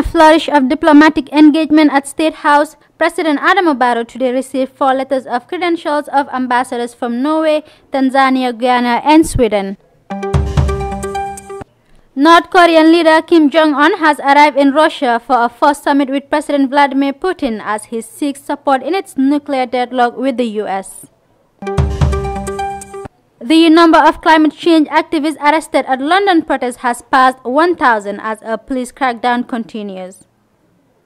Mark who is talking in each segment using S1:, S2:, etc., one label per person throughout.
S1: a flourish of diplomatic engagement at State House, President Adamo Barrow today received four letters of credentials of ambassadors from Norway, Tanzania, Guyana, and Sweden. North Korean leader Kim Jong un has arrived in Russia for a first summit with President Vladimir Putin as he seeks support in its nuclear deadlock with the US. The number of climate change activists arrested at London protests has passed 1,000 as a police crackdown continues.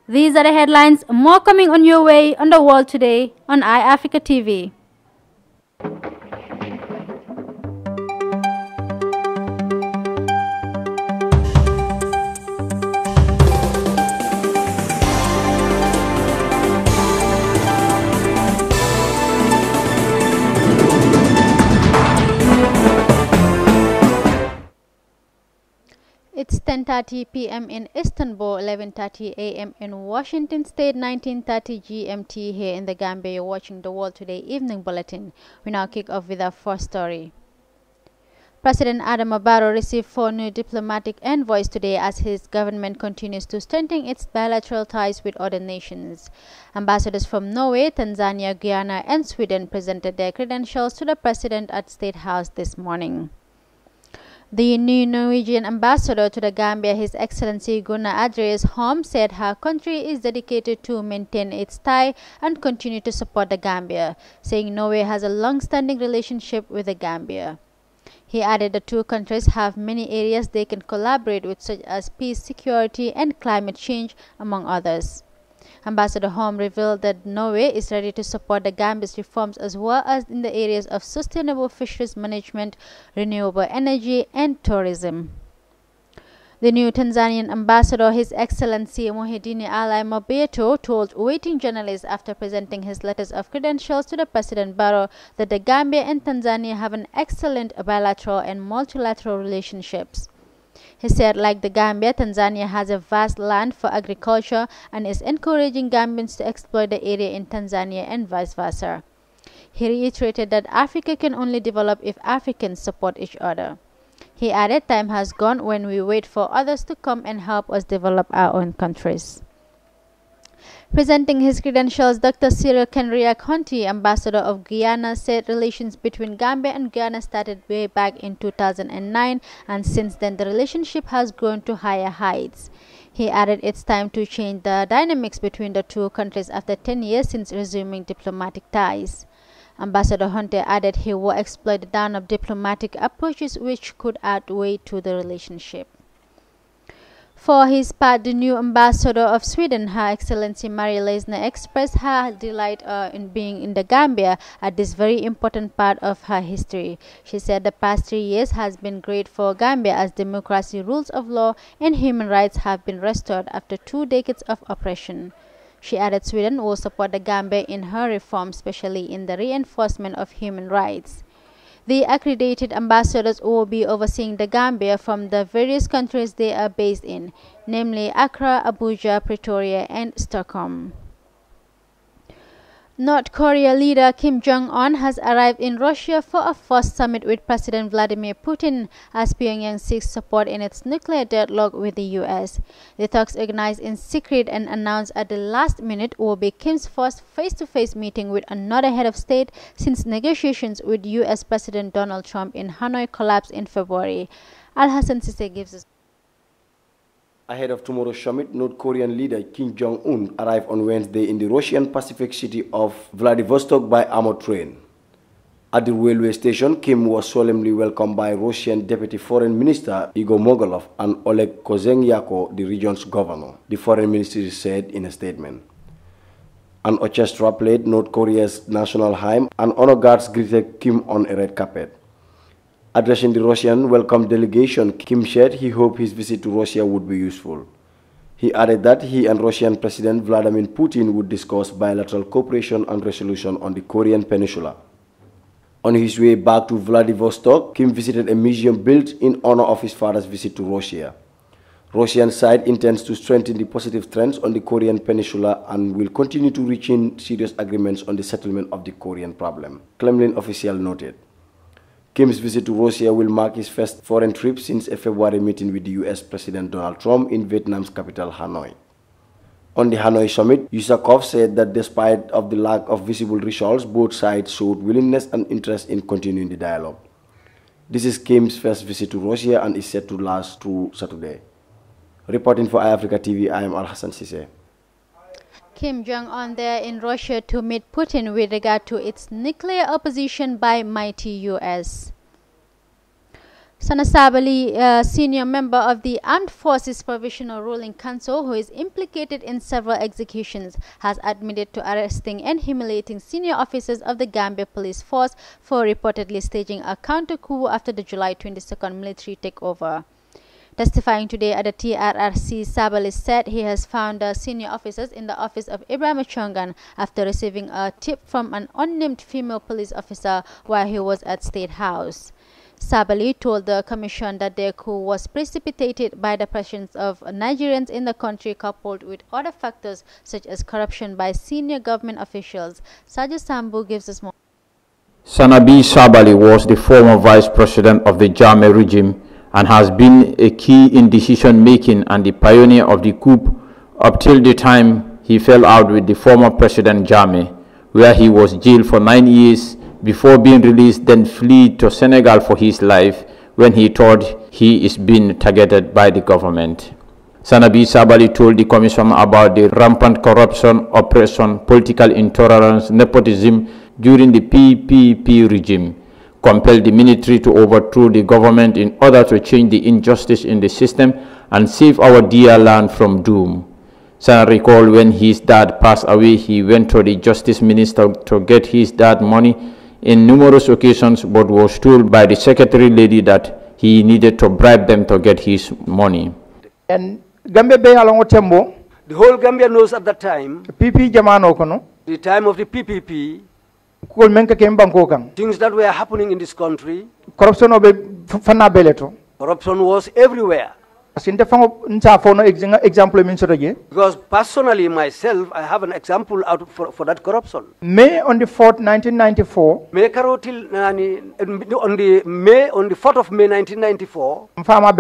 S1: These are the headlines. More coming on your way on the world today on iAfrica TV. It's 10:30 p.m. in Istanbul, 11:30 a.m. in Washington State, 19:30 GMT here in the Gambia. You're watching the World Today Evening Bulletin. We now kick off with our first story. President Adam Barrow received four new diplomatic envoys today as his government continues to strengthen its bilateral ties with other nations. Ambassadors from Norway, Tanzania, Guyana, and Sweden presented their credentials to the president at State House this morning. The new Norwegian ambassador to the Gambia, His Excellency Gunnar Adres Holm, said her country is dedicated to maintain its tie and continue to support the Gambia, saying Norway has a long-standing relationship with the Gambia. He added the two countries have many areas they can collaborate with such as peace, security and climate change, among others. Ambassador Home revealed that Norway is ready to support the Gambia's reforms as well as in the areas of sustainable fisheries management, renewable energy, and tourism. The new Tanzanian ambassador, His Excellency Mohidini Ali Mobeto, told waiting journalists after presenting his letters of credentials to the President Barrow that the Gambia and Tanzania have an excellent bilateral and multilateral relationships. He said, like the Gambia, Tanzania has a vast land for agriculture and is encouraging Gambians to exploit the area in Tanzania and vice versa. He reiterated that Africa can only develop if Africans support each other. He added, Time has gone when we wait for others to come and help us develop our own countries. Presenting his credentials, Dr. Cyril Kenria Conti, ambassador of Guyana, said relations between Gambia and Guyana started way back in 2009, and since then the relationship has grown to higher heights. He added it's time to change the dynamics between the two countries after 10 years since resuming diplomatic ties. Ambassador Hunter added he will exploit the down of diplomatic approaches which could add weight to the relationship. For his part, the new ambassador of Sweden, Her Excellency Marie Lesner, expressed her delight uh, in being in the Gambia at this very important part of her history. She said the past three years has been great for Gambia as democracy, rules of law, and human rights have been restored after two decades of oppression. She added Sweden will support the Gambia in her reform, especially in the reinforcement of human rights. The accredited ambassadors will be overseeing the Gambia from the various countries they are based in, namely Accra, Abuja, Pretoria, and Stockholm. North Korea leader Kim Jong un has arrived in Russia for a first summit with President Vladimir Putin as Pyongyang seeks support in its nuclear deadlock with the US. The talks, organized in secret and announced at the last minute, will be Kim's first face to face meeting with another head of state since negotiations with US President Donald Trump in Hanoi collapsed in February. Al Hassan Sise gives us.
S2: Ahead of tomorrow's summit, North Korean leader Kim Jong-un arrived on Wednesday in the Russian Pacific city of Vladivostok by armored train. At the railway station, Kim was solemnly welcomed by Russian Deputy Foreign Minister Igor Mogolov and Oleg Kozenyako, the region's governor, the foreign ministry said in a statement. An orchestra played North Korea's national hymn and honor guards greeted Kim on a red carpet. Addressing the Russian welcome delegation, Kim said he hoped his visit to Russia would be useful. He added that he and Russian President Vladimir Putin would discuss bilateral cooperation and resolution on the Korean Peninsula. On his way back to Vladivostok, Kim visited a museum built in honor of his father's visit to Russia. Russian side intends to strengthen the positive trends on the Korean peninsula and will continue to reach in serious agreements on the settlement of the Korean problem, Kremlin official noted. Kim's visit to Russia will mark his first foreign trip since a February meeting with US President Donald Trump in Vietnam's capital Hanoi. On the Hanoi summit, Yusakov said that despite of the lack of visible results, both sides showed willingness and interest in continuing the dialogue. This is Kim's first visit to Russia and is set to last through Saturday. Reporting for iAfrica TV, I am Al Hassan Sise.
S1: Kim Jong un there in Russia to meet Putin with regard to its nuclear opposition by mighty US. Sana Sabali, a senior member of the Armed Forces Provisional Ruling Council, who is implicated in several executions, has admitted to arresting and humiliating senior officers of the Gambia Police Force for reportedly staging a counter coup after the July 22 military takeover. Testifying today at the TRRC, Sabali said he has found senior officers in the office of Ibrahim Chongan after receiving a tip from an unnamed female police officer while he was at State House. Sabali told the commission that their coup was precipitated by the presence of Nigerians in the country coupled with other factors such as corruption by senior government officials. Saja Sambu gives us more.
S3: Sanabi Sabali was the former vice president of the Jame regime and has been a key in decision making and the pioneer of the coup up till the time he fell out with the former President Jammeh, where he was jailed for nine years before being released, then fled to Senegal for his life when he thought he is being targeted by the government. Sanabi Sabali told the commission about the rampant corruption, oppression, political intolerance, nepotism during the PPP regime Compel the military to overthrow the government in order to change the injustice in the system and save our dear land from doom. Sana recalled when his dad passed away, he went to the justice minister to get his dad money in numerous occasions, but was told by the secretary lady that he needed to bribe them to get his money.
S4: And Gambia Bay along Tembo. The whole Gambia knows at that time. PP The
S2: time of the PPP
S4: things
S2: that were happening in this country
S4: corruption
S2: corruption was everywhere
S4: example because
S2: personally myself i have an example out for, for that corruption
S4: may on the 4th 1994
S2: may karotil nani on the may on the 4th of may 1994 mfama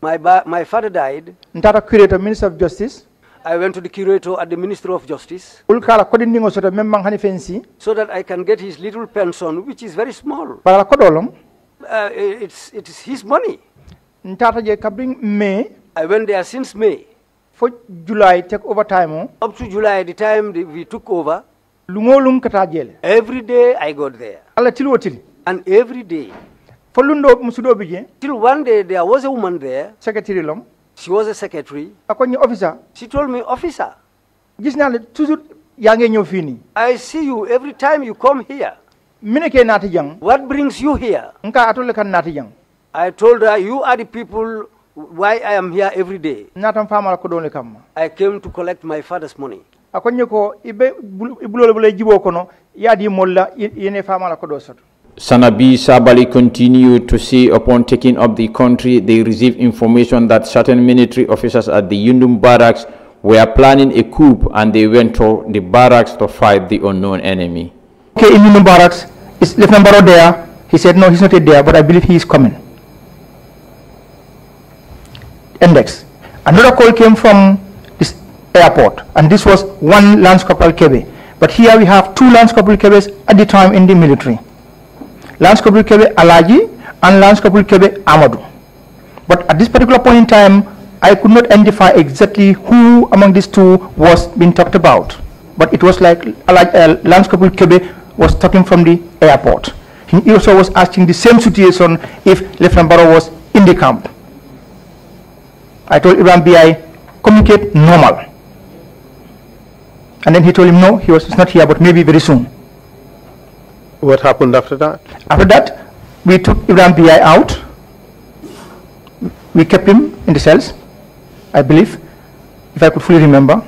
S2: my my father died
S4: ntata curator minister of justice
S2: I went to the curator at the Ministry of Justice. So that I can get his little pension, which is very small.
S4: Uh,
S2: it's it is his money.
S4: Ntata je kabring May. I went there since May. For July take over time. Oh. Up to July, the time the, we took over. Every day I got there. And every day. Till one day there was a woman there. Secretary long. She was a secretary. Ako ni officer. She told me officer. Gis na le toujours ya ngay ñew fi I see you every time you come here. Mine ke nati jang. What brings you here? Nka atole kan nati jang. I told her you are the people why I am here every day. Natam famal ko don le kam. I came to collect my father's money. Ako ni ko ibe ibulole bulay jibo kono ya di molla yene famal ko do soto.
S3: Sanabi Sabali continued to say upon taking up the country, they received information that certain military officers at the Yundum barracks were planning a coup and they went to the barracks to fight the unknown enemy.
S4: Okay, in Yundum barracks, is Lieutenant Barrow there? He said, no, he's not there, but I believe he is coming. Index. Another call came from this airport, and this was one Lance Corporal Kebe. But here we have two Lance Corporal Kebes at the time in the military landscape Corporal Kebe Alaji and landscape Corporal Kebe Amadou. But at this particular point in time, I could not identify exactly who among these two was being talked about. But it was like uh, Lance Corporal was talking from the airport. He also was asking the same situation if Lieutenant Barrow was in the camp. I told Ibrahim B.I., communicate normal. And then he told him, no, he was not here, but maybe very soon. What happened after that? After that, we took Ibrahim B.I. out. We kept him in the cells, I believe, if I could fully remember.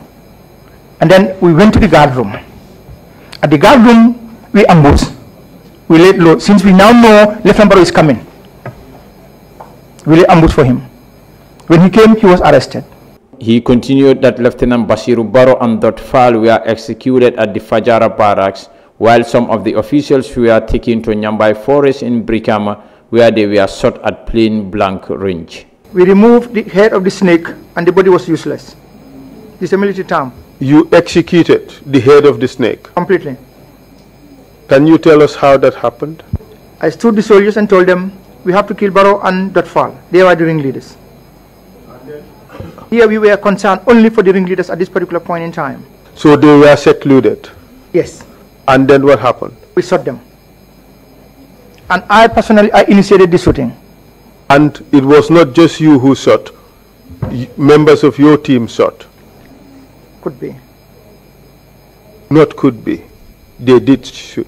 S4: And then we went to the guard room. At the guard room, we ambushed. We laid low. Since we now know Lieutenant is coming, we laid ambush for him. When he came, he was arrested.
S3: He continued that Lieutenant Basiru Baro and Dot Fal were executed at the Fajara barracks while some of the officials were taken to Nyambai Forest in Brikama, where they were shot at plain blank range.
S4: We removed the head of the snake and the body was useless. It's a military term.
S3: You executed the head of the snake? Completely. Can you tell us how that happened?
S4: I stood the soldiers and told them, we have to kill Barrow and Dotfall. They were the ringleaders. Here we were concerned only for the ringleaders at this particular point in time.
S3: So they were secluded? Yes. And then what happened?
S4: We shot them. And I personally, I initiated the shooting.
S3: And it was not just you who shot. Members of your team shot. Could be. Not could be. They did shoot.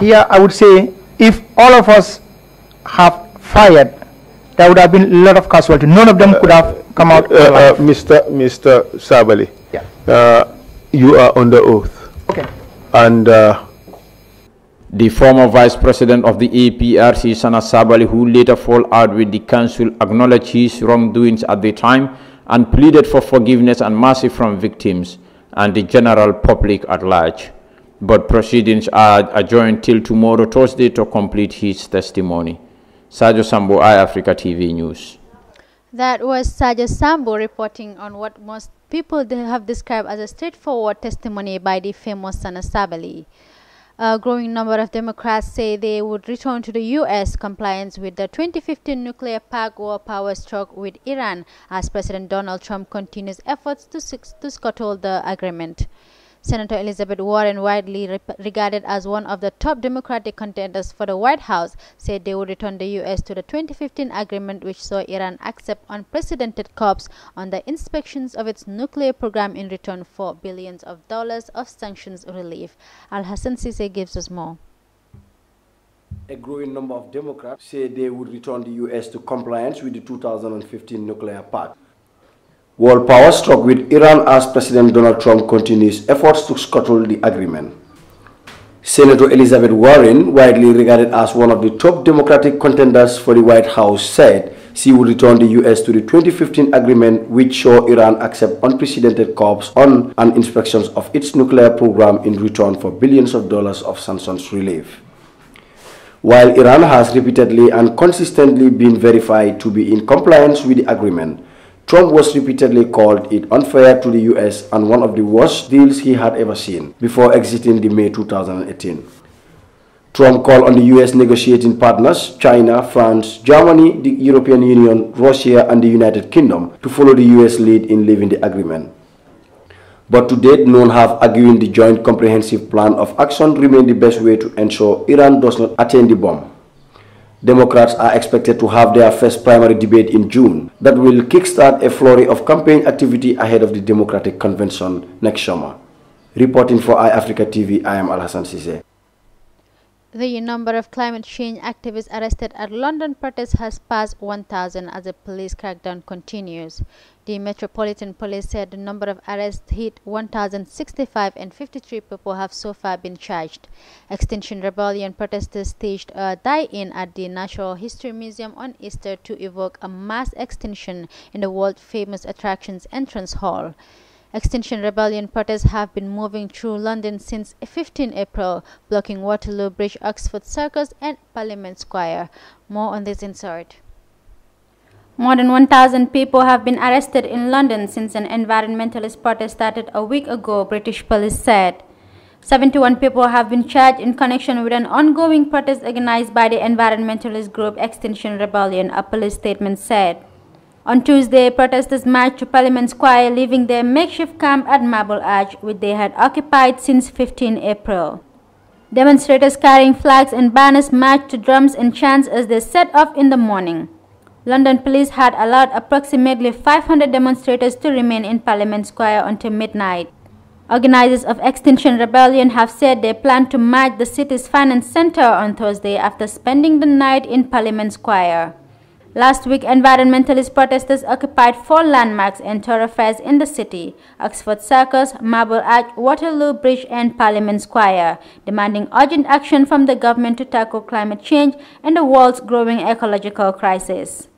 S4: Here I would say if all of us have fired, there would have been a lot of casualties. None of them uh, could have
S3: come out uh, uh, Mr. Mr. Sabali, yeah. Uh, you are under oath. Okay and uh, the former vice president of the APRC, Sana Sabali, who later fall out with the council, acknowledged his wrongdoings at the time and pleaded for forgiveness and mercy from victims and the general public at large. But proceedings are adjourned till tomorrow, Thursday, to complete his testimony. Sajo Sambo, I Africa TV News.
S1: That was Sajo Sambo reporting on what most people they have described as a straightforward testimony by the famous Sabali. A growing number of Democrats say they would return to the U.S. compliance with the 2015 nuclear pact or power stroke with Iran as President Donald Trump continues efforts to, to scuttle the agreement. Senator Elizabeth Warren, widely re regarded as one of the top Democratic contenders for the White House, said they would return the U.S. to the 2015 agreement which saw Iran accept unprecedented curbs on the inspections of its nuclear program in return for billions of dollars of sanctions relief. Al Hassan Sise gives us more.
S2: A growing number of Democrats say they would return the U.S. to compliance with the 2015 nuclear pact. World power struck with Iran as President Donald Trump continues efforts to scuttle the agreement. Senator Elizabeth Warren, widely regarded as one of the top Democratic contenders for the White House, said she would return the U.S. to the 2015 agreement which saw Iran accept unprecedented curbs on and inspections of its nuclear program in return for billions of dollars of sanctions relief. While Iran has repeatedly and consistently been verified to be in compliance with the agreement, Trump was repeatedly called it unfair to the US and one of the worst deals he had ever seen before exiting the May 2018. Trump called on the US negotiating partners, China, France, Germany, the European Union, Russia, and the United Kingdom to follow the US lead in leaving the agreement. But to date, none have argued the joint comprehensive plan of action remains the best way to ensure Iran does not attain the bomb. Democrats are expected to have their first primary debate in June that will kickstart a flurry of campaign activity ahead of the Democratic Convention next summer. Reporting for iAfrica TV, I am Alhassan Sise.
S1: The number of climate change activists arrested at London protests has passed 1,000 as the police crackdown continues. The Metropolitan Police said the number of arrests hit 1,065 and 53 people have so far been charged. Extinction Rebellion protesters staged a die-in at the Natural History Museum on Easter to evoke a mass extinction in the world-famous attraction's entrance hall. Extinction Rebellion protests have been moving through London since 15 April, blocking Waterloo Bridge, Oxford Circus, and Parliament Square. More on this insert. More than 1,000 people have been arrested in London since an environmentalist protest started a week ago, British police said. 71 people have been charged in connection with an ongoing protest organized by the environmentalist group Extinction Rebellion, a police statement said. On Tuesday, protesters marched to Parliament Square, leaving their makeshift camp at Marble Arch, which they had occupied since 15 April. Demonstrators carrying flags and banners marched to drums and chants as they set off in the morning. London police had allowed approximately 500 demonstrators to remain in Parliament Square until midnight. Organizers of Extinction Rebellion have said they plan to march the city's finance center on Thursday after spending the night in Parliament Square. Last week, environmentalist protesters occupied four landmarks and thoroughfares in the city Oxford Circus, Marble Arch, Waterloo Bridge, and Parliament Square, demanding urgent action from the government to tackle climate change and the world's growing ecological crisis.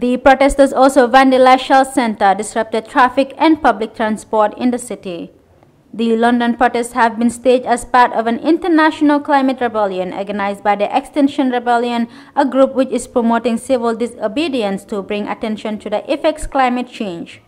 S1: The protesters also vandalized Shell Centre, disrupted traffic and public transport in the city. The London protests have been staged as part of an international climate rebellion organized by the Extinction Rebellion, a group which is promoting civil disobedience to bring attention to the effects climate change.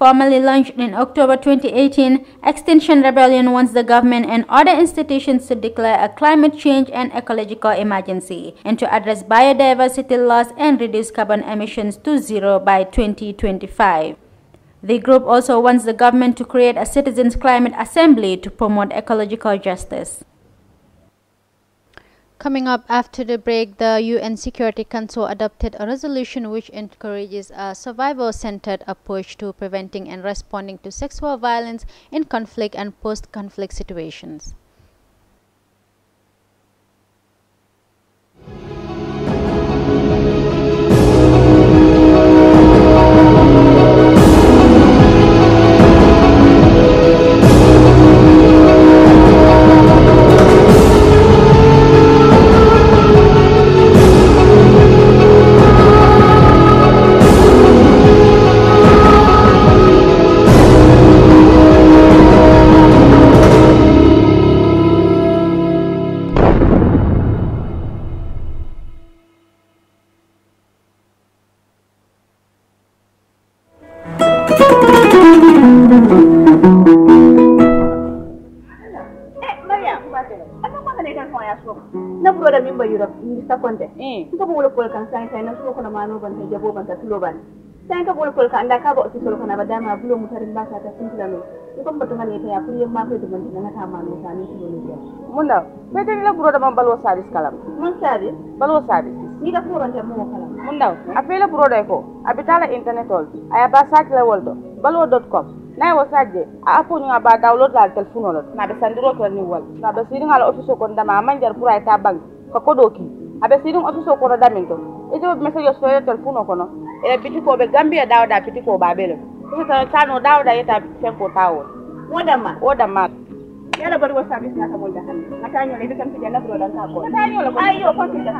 S1: Formally launched in October 2018, Extinction Rebellion wants the government and other institutions to declare a climate change and ecological emergency and to address biodiversity loss and reduce carbon emissions to zero by 2025. The group also wants the government to create a citizens' climate assembly to promote ecological justice. Coming up after the break, the UN Security Council adopted a resolution which encourages a survivor centered approach to preventing and responding to sexual violence in conflict and post conflict situations.
S2: ka bolo kol saya saya sai na suko ban ta jabo ban ta tulo ban sai ka bolo kol kan da ka ba ki solo kana ba dama mutarin ba ka ta sun tulo ni kon batuma ne ta ya furi ma ko duman na ta mano ta ni tulo ne mun da sai dai la buro da man balwo sabis kalam
S5: ni da ko ran ta kalam mun da a fela buro da ko internet all download dari
S1: telepon orang. Nabi be sandiro ni wal Nabi be siringa office office ko ndama manjar pura itu bank ko kodoki aɓe sirin office o koto damin to itoɓe message o soyre téléphone o kono eɓe bitikoɓe gambia dawɗa bitikoɓe aɓele sositano tano dawɗa yetta fenko tawol wodamma wodamma
S5: yala bari wo service nata molda hande
S1: matañole ɓe kam sidia labroɗan ka ko matañole ayo continue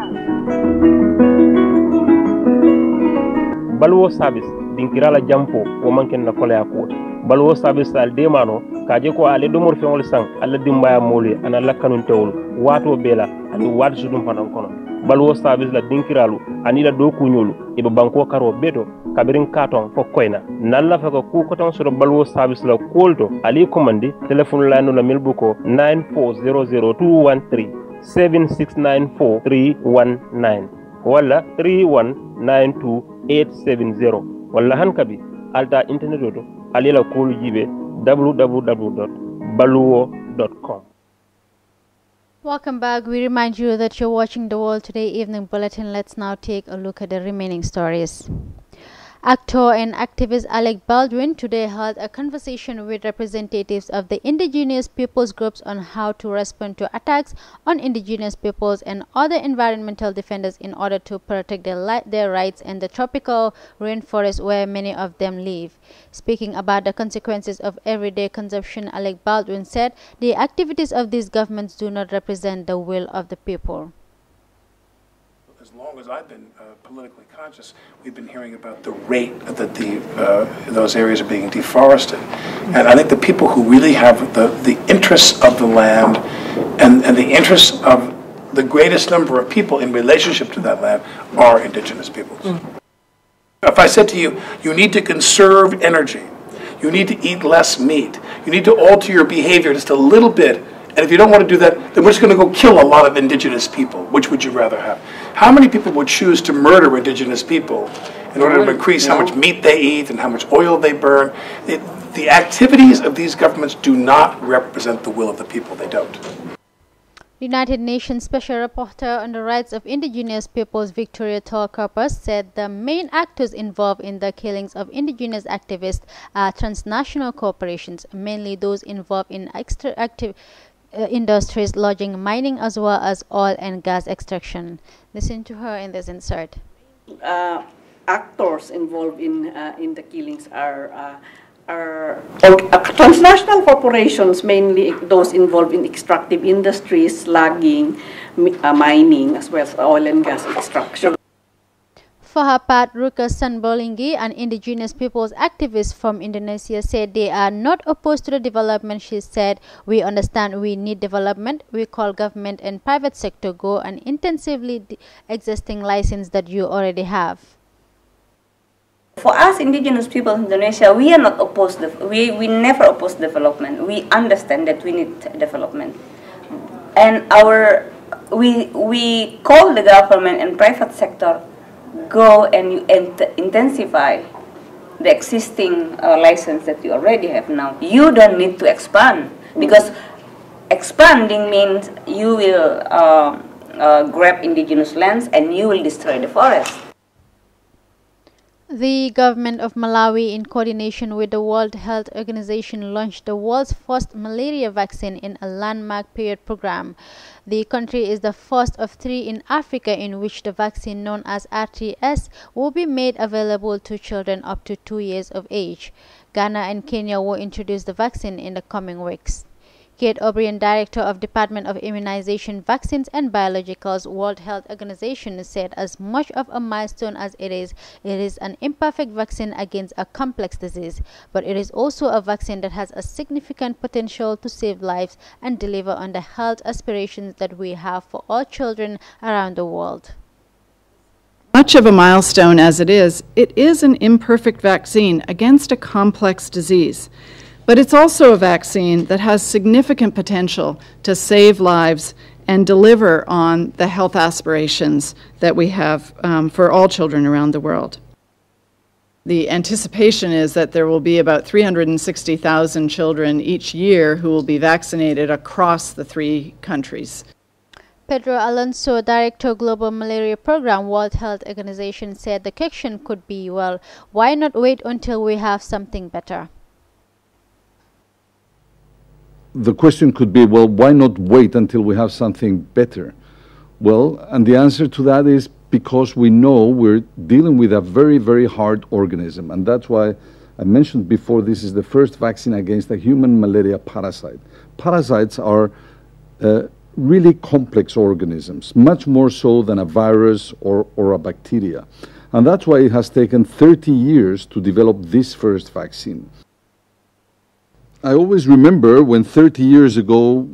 S4: balwo service dinkirala jampo wo manken na koleya kuwota balwo service al demano kaje ko ale domor feŋol san alla dimbaya moolu ye ana lakkanun tewol wato bee la ani waati sudum fanan kono baluwo service la dinkiralu anila la do kuñolu ibe banko karo beto kabirin katon fo koyna nalla fa ko ku koton soro baluwo service la kolto ali commandi telephone la no la milbuko 9400213 7694319 walla 3192870 walla han kabi alta internet oto alila kolu jibe www baluwo com
S1: Welcome back. We remind you that you're watching the World Today Evening Bulletin. Let's now take a look at the remaining stories. Actor and activist Alec Baldwin today held a conversation with representatives of the indigenous peoples groups on how to respond to attacks on indigenous peoples and other environmental defenders in order to protect their, their rights in the tropical rainforest where many of them live. Speaking about the consequences of everyday consumption, Alec Baldwin said the activities of these governments do not represent the will of the people
S2: as long as I've been uh, politically conscious, we've been hearing about the rate that the uh, those areas are being deforested, and I think the people who really have the the interests of the land, and and the interests of the greatest number of people in relationship to that land are indigenous peoples. Mm. If I said to you, you need to conserve energy, you need to eat less meat, you need to alter your behavior just a little bit and if you don't want to do that, then we're just going to go kill a lot of indigenous people. Which would you rather have? How many people would choose to murder indigenous people in order to increase how much meat they eat and how much oil they burn? It, the activities of these governments do not represent the will of the people. They don't.
S1: United Nations Special Rapporteur on the Rights of Indigenous Peoples Victoria Tolkapper said the main actors involved in the killings of indigenous activists are transnational corporations, mainly those involved in extra active uh, industries, lodging, mining, as well as oil and gas extraction. Listen to her in this insert.
S2: Uh, actors involved in uh, in the killings are uh, are uh,
S1: transnational corporations,
S2: mainly those involved in extractive industries, logging, uh, mining, as well
S5: as oil and gas extraction.
S1: For her part, Ruka Sanbolingi, an indigenous people's activist from Indonesia, said they are not opposed to the development. She said, We understand we need development. We call government and private sector go and intensively existing license that you already have.
S2: For us indigenous people in Indonesia, we are not opposed, we, we never oppose development. We understand that we need development. And our, we, we call the government and private sector go and you int intensify the existing uh, license that you already have now. You don't need to expand because expanding means you will uh, uh, grab indigenous lands and you will destroy the forest.
S1: The government of Malawi, in coordination with the World Health Organization, launched the world's first malaria vaccine in a landmark period program. The country is the first of three in Africa in which the vaccine known as RTS will be made available to children up to two years of age. Ghana and Kenya will introduce the vaccine in the coming weeks. Kate O'Brien, Director of Department of Immunization, Vaccines and Biologicals, World Health Organization, said as much of a milestone as it is, it is an imperfect vaccine against a complex disease, but it is also a vaccine that has a significant potential to save lives and deliver on the health aspirations that we have for all children around the
S5: world. Much of a milestone as it is, it is an imperfect vaccine against a complex disease. But it's also a vaccine that has significant potential to save lives and deliver on the health aspirations that we have um, for all children around the world. The anticipation is that there will be about 360,000 children each year who will be vaccinated across the three countries.
S1: Pedro Alonso, Director Global Malaria Program, World Health Organization, said the action could be, well, why not wait until we have something better?
S6: the question could be, well, why not wait until we have something better? Well, and the answer to that is because we know we're dealing with a very, very hard organism. And that's why I mentioned before this is the first vaccine against a human malaria parasite. Parasites are uh, really complex organisms, much more so than a virus or, or a bacteria. And that's why it has taken 30 years to develop this first vaccine. I always remember when 30 years ago,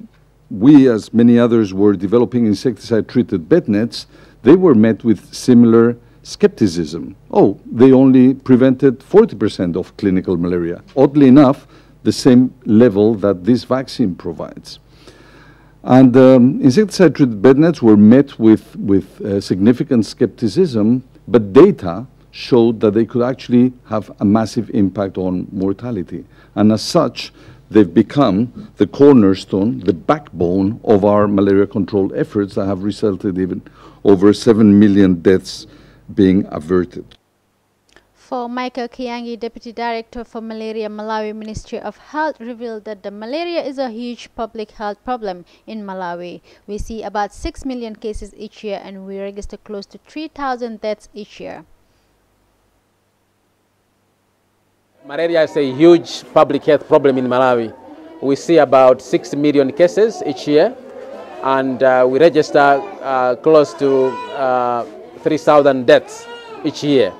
S6: we, as many others, were developing insecticide treated bed nets, they were met with similar skepticism. Oh, they only prevented 40% of clinical malaria. Oddly enough, the same level that this vaccine provides. And um, insecticide treated bed nets were met with, with uh, significant skepticism, but data showed that they could actually have a massive impact on mortality. And as such, they've become the cornerstone, the backbone of our malaria control efforts that have resulted in over 7 million deaths being averted.
S1: For Michael Kiangi, Deputy Director for Malaria Malawi Ministry of Health revealed that the malaria is a huge public health problem in Malawi. We see about 6 million cases each year and we register close to 3,000 deaths each year.
S3: Malaria is a huge public health problem in Malawi. We see about 6 million cases each year, and uh, we register uh, close to uh, 3,000 deaths each year.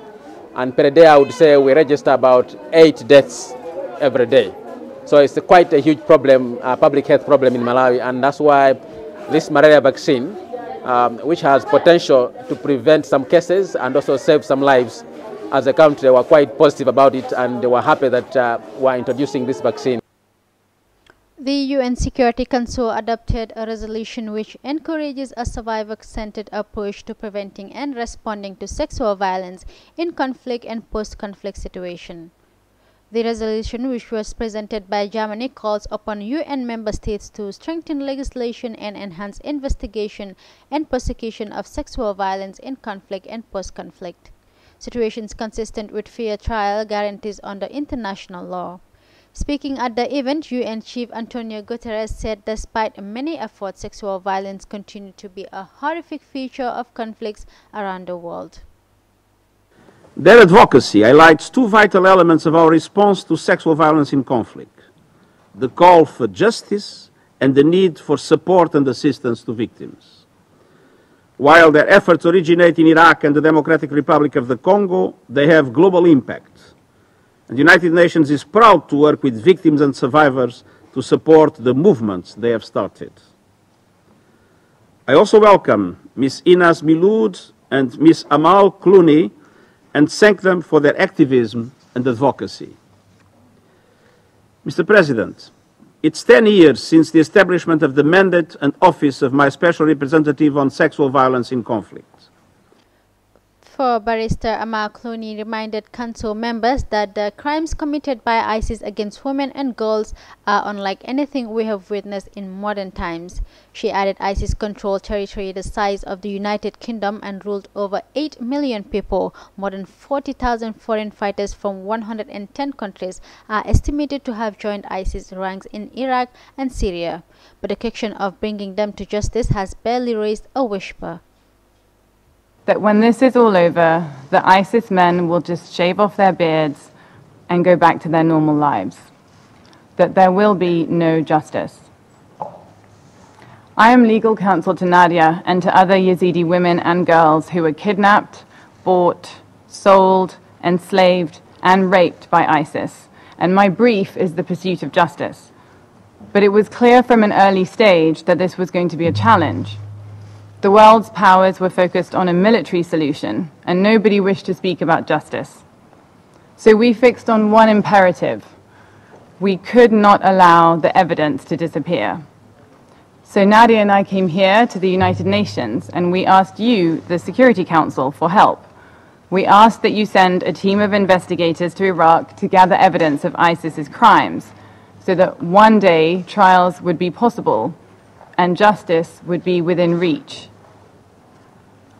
S3: And per day, I would say we register about 8 deaths every day. So it's quite a huge problem, uh, public health problem in Malawi, and that's why this malaria vaccine, um, which has potential to prevent some cases and also save some lives, as a country they were quite positive about it and they were happy that uh, we're introducing this vaccine.
S1: The UN Security Council adopted a resolution which encourages a survivor-centered approach to preventing and responding to sexual violence in conflict and post-conflict situations. The resolution, which was presented by Germany, calls upon UN member states to strengthen legislation and enhance investigation and prosecution of sexual violence in conflict and post-conflict situations consistent with fair trial guarantees under international law. Speaking at the event, UN Chief Antonio Guterres said despite many efforts, sexual violence continues to be a horrific feature of conflicts around the world.
S3: Their advocacy highlights two vital elements of our response to sexual violence in conflict the call for justice and the need for support and assistance to victims. While their efforts originate in Iraq and the Democratic Republic of the Congo, they have global impact. And the United Nations is proud to work with victims and survivors to support the movements they have started. I also welcome Ms. Inas Miloud and Ms. Amal Clooney and thank them for their activism and advocacy. Mr. President, it's 10 years since the establishment of the mandate and office of my special representative on sexual violence in conflict.
S1: For Barrister Amar Clooney reminded council members that the crimes committed by ISIS against women and girls are unlike anything we have witnessed in modern times. She added ISIS controlled territory the size of the United Kingdom and ruled over 8 million people. More than 40,000 foreign fighters from 110 countries are estimated to have joined ISIS ranks in Iraq and Syria. But the question of bringing them to justice has barely raised a whisper
S5: that when this is all over, the ISIS men will just shave off their beards and go back to their normal lives, that there will be no justice. I am legal counsel to Nadia and to other Yazidi women and girls who were kidnapped, bought, sold, enslaved, and raped by ISIS, and my brief is the pursuit of justice. But it was clear from an early stage that this was going to be a challenge. The world's powers were focused on a military solution, and nobody wished to speak about justice. So we fixed on one imperative. We could not allow the evidence to disappear. So Nadia and I came here to the United Nations and we asked you, the Security Council, for help. We asked that you send a team of investigators to Iraq to gather evidence of ISIS's crimes so that one day trials would be possible and justice would be within reach.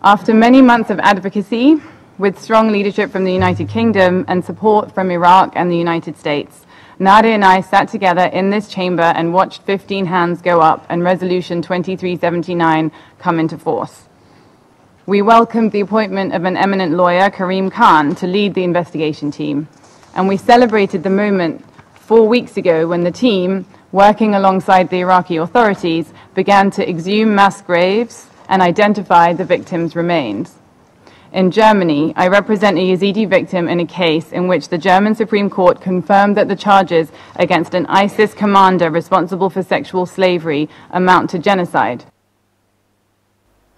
S5: After many months of advocacy, with strong leadership from the United Kingdom and support from Iraq and the United States, Nadia and I sat together in this chamber and watched 15 hands go up and Resolution 2379 come into force. We welcomed the appointment of an eminent lawyer, Kareem Khan, to lead the investigation team. And we celebrated the moment four weeks ago when the team, working alongside the Iraqi authorities, began to exhume mass graves, and identify the victim's remains. In Germany, I represent a Yazidi victim in a case in which the German Supreme Court confirmed that the charges against an ISIS commander responsible for sexual slavery amount to genocide.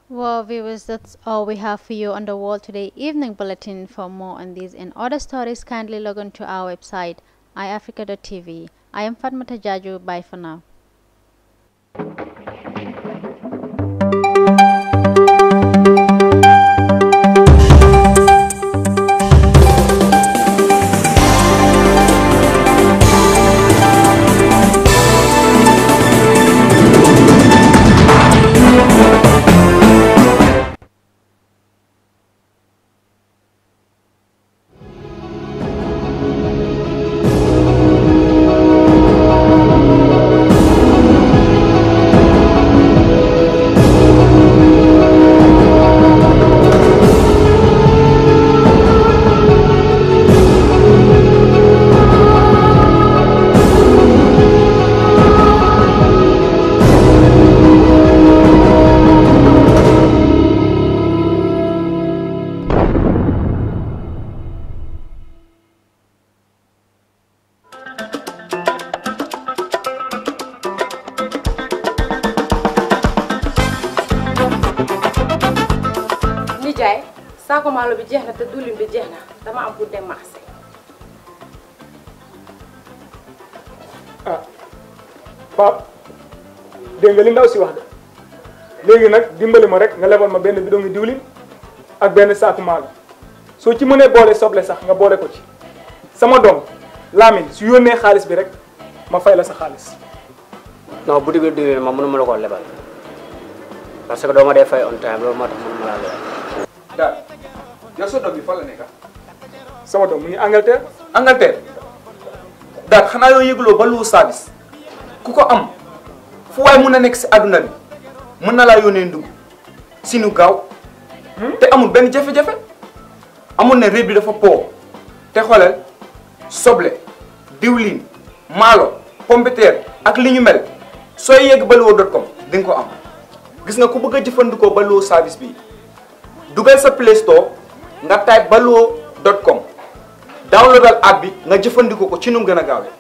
S1: Well, viewers, that's all we have for you on the World Today Evening Bulletin. For more on these and other stories, kindly log on to our website, iafrica.tv. I am Fatma Tajaju. Bye for now.
S4: dégg nga li si wax léegi nag dimbali ma rek nga lebal ma benn bidon ngi diwlin ak benn saaku maalo soo ci mënee boole soble sax nga boole ko ci sama doom Lamine su yónnee xaalis bi rek ma fay la sa xaalis.
S2: non bu diwlin diwlin ma mënuma la ko lebal parce que doo ma dee fay on time loolu moo tax mënuma laa lebal.
S4: daal
S2: sama doom mu ngi Angleterre.
S4: Angleterre daal xanaa yoo yëgloo ba lu service ku ko am. fu waaye mun a nekk si àdduna bi mën na laa yónnee ndugg si nu gaaw te amul benn jafe-jafe amul ne réew bi dafa po te xoolal soble diwlin maalo pompiteer ak li ñu mel soo yegg baloo dot com di nga ko am gis nga ku bëgg jëfandikoo baloo service bi dugal sa play store nga type baloo dot com downloadal at bi nga jëfandikoo ko ci nu mu gën a gaawee.